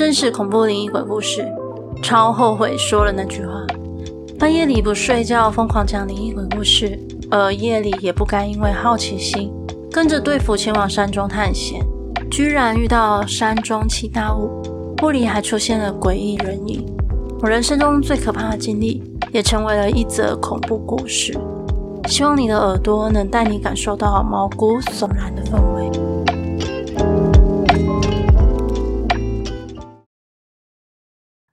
真實恐怖靈異鬼故事，超後悔說了那句話。半夜裡不睡覺，瘋狂講靈異鬼故事，而夜裡也不該因為好奇心，跟着隊輔前往山中探險，居然遇到山中起大霧，霧裡還出現了詭異人影。我人生中最可怕的經歷，也成為了一則恐怖故事。希望你的耳朵能帶你感受到毛骨悚然的氛圍。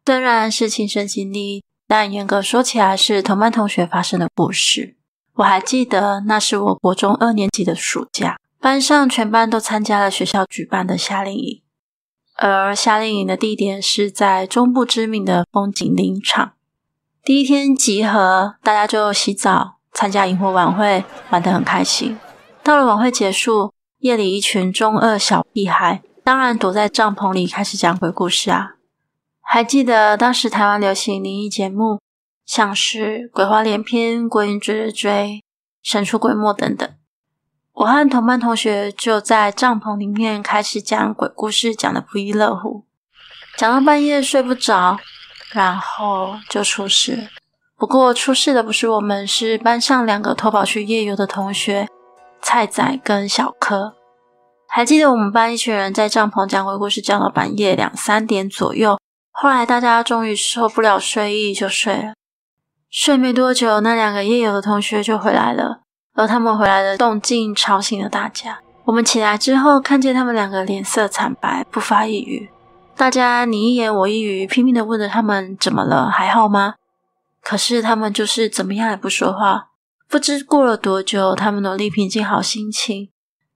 雖然是親身經歷，但嚴格說起來是同班同學發生的故事。我還記得，那是我國中二年級的暑假，班上全班都參加了學校舉辦的夏令營，而夏令營的地點是在中部知名的風景林場。第一天集合，大家就洗澡、參加營火晚會，玩得很開心。到了晚會結束，夜裡一群中二小屁孩，當然躲在帳篷裡開始講鬼故事啊。還記得當時台灣流行靈異節目，像是《鬼話連篇》《鬼影追追追》《神出鬼沒》等等。我和同班同學就在帳篷裡面開始講鬼故事，講的不亦樂乎，講到半夜睡不着，然後就出事。不過出事的不是我們，是班上兩個偷跑去夜遊的同學菜仔跟小柯。還記得我們班一群人在帳篷講鬼故事，講到半夜兩三點左右。後來大家終於受不了睡意，就睡了。睡沒多久，那兩個夜遊的同學就回來了，而他們回來的動靜吵醒了大家。我們起來之後，看見他們兩個臉色慘白，不發一語。大家你一言我一語，拼命的問着他們怎麼了，還好嗎？可是他們就是怎麼樣也不說話。不知過了多久，他們努力平靜好心情，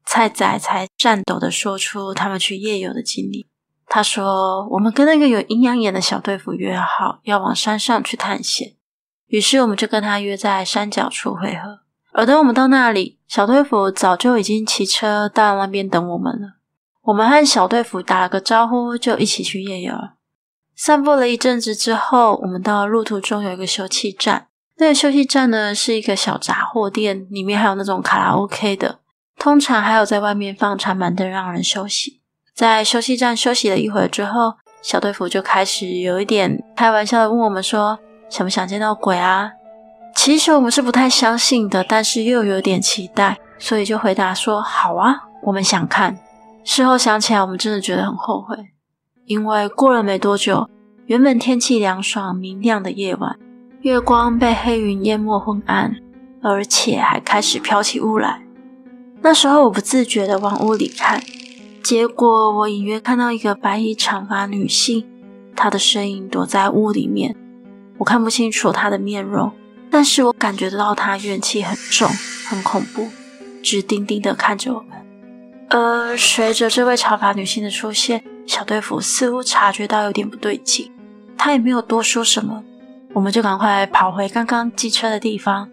蔡仔才顫抖的說出他們去夜遊的經歷。他說：“我們跟那個有陰陽眼的小隊輔約好，要往山上去探險。於是我們就跟他約在山腳處會合。而等我們到那裡，小隊輔早就已經騎車到那邊等我們了。我們和小隊輔打了個招呼，就一起去夜遊。散步了一陣子之後，我們到了路途中有一個休憩站。那個休息站呢，是一個小雜貨店，裡面還有那種卡拉 OK 的，通常還有在外面放長板凳讓人休息。”在休息站休息了一會兒之後，小隊輔就開始有一點開玩笑的問我們說：“想不想見到鬼啊？”其實我們是不太相信的，但是又有點期待，所以就回答說：“好啊，我們想看。”事後想起來，我們真的覺得很後悔，因為過了沒多久，原本天氣涼爽明亮的夜晚，月光被黑雲淹沒昏暗，而且還開始飄起霧來。那時候我不自覺地往屋裡看。結果我隱約看到一個白衣長髮女性，她的身影躲在霧裡面，我看不清楚她的面容，但是我感覺得到她怨氣很重，很恐怖，直盯盯地看着我們。而、呃、隨着這位長髮女性的出現，小隊輔似乎察覺到有點不對勁，她也沒有多說什麼，我們就趕快跑回剛剛機車的地方，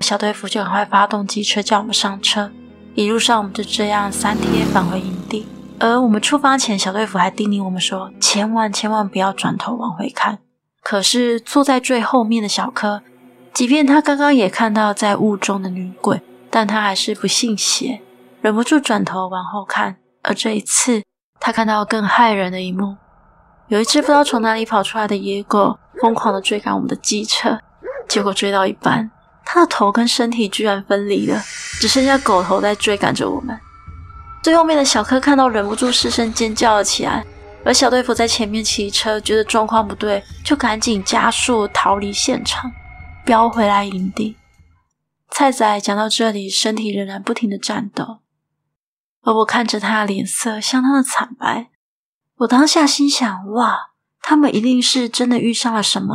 小隊輔就趕快發動機車叫我們上車，一路上我們就這樣三貼返回營地。而我們出發前，小隊輔還叮嚀我們說：“千萬千萬不要轉頭往回看。”可是坐在最後面的小柯，即便他剛剛也看到在霧中的女鬼，但他還是不信邪，忍不住轉頭往後看。而這一次，他看到更駭人的一幕：有一只不知道從哪裡跑出來的野狗，瘋狂地追趕我們的機車，結果追到一半，他的頭跟身體居然分離了，只剩下狗頭在追趕着我們。最後面的小柯看到，忍不住失聲尖叫了起來。而小隊輔在前面騎車，覺得狀況不對，就趕緊加速逃離現場，飆回來營地。菜仔講到這裡，身體仍然不停的顫抖，而我看着他的臉色相當的慘白。我當下心想：哇，他們一定是真的遇上了什麼。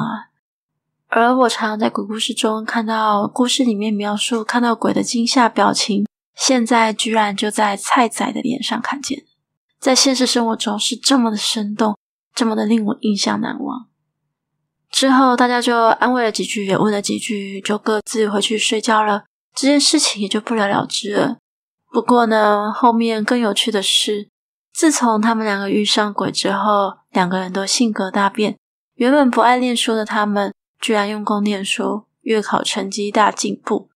而我常常在鬼故事中看到故事裡面描述看到鬼的驚嚇表情。現在居然就在蔡仔的臉上看見，在現實生活中是這麼的生動，這麼的令我印象難忘。之後大家就安慰了幾句，也問了幾句，就各自回去睡覺了。這件事情也就不了了之了。不過呢，後面更有趣的是，自從他們兩個遇上鬼之後，兩個人都性格大變。原本不愛念書的他們，居然用功念書，月考成績大進步。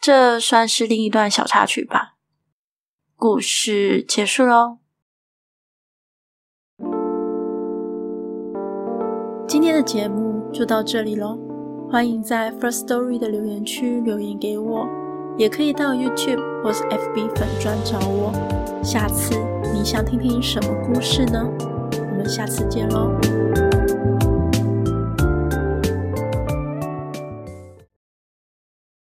這算是另一段小插曲吧，故事結束嘍。今天的節目就到這裡嘍，歡迎在 First Story 的留言區留言給我，也可以到 YouTube 或是 FB 粉專找我。下次你想聽聽什麼故事呢？我們下次見嘍。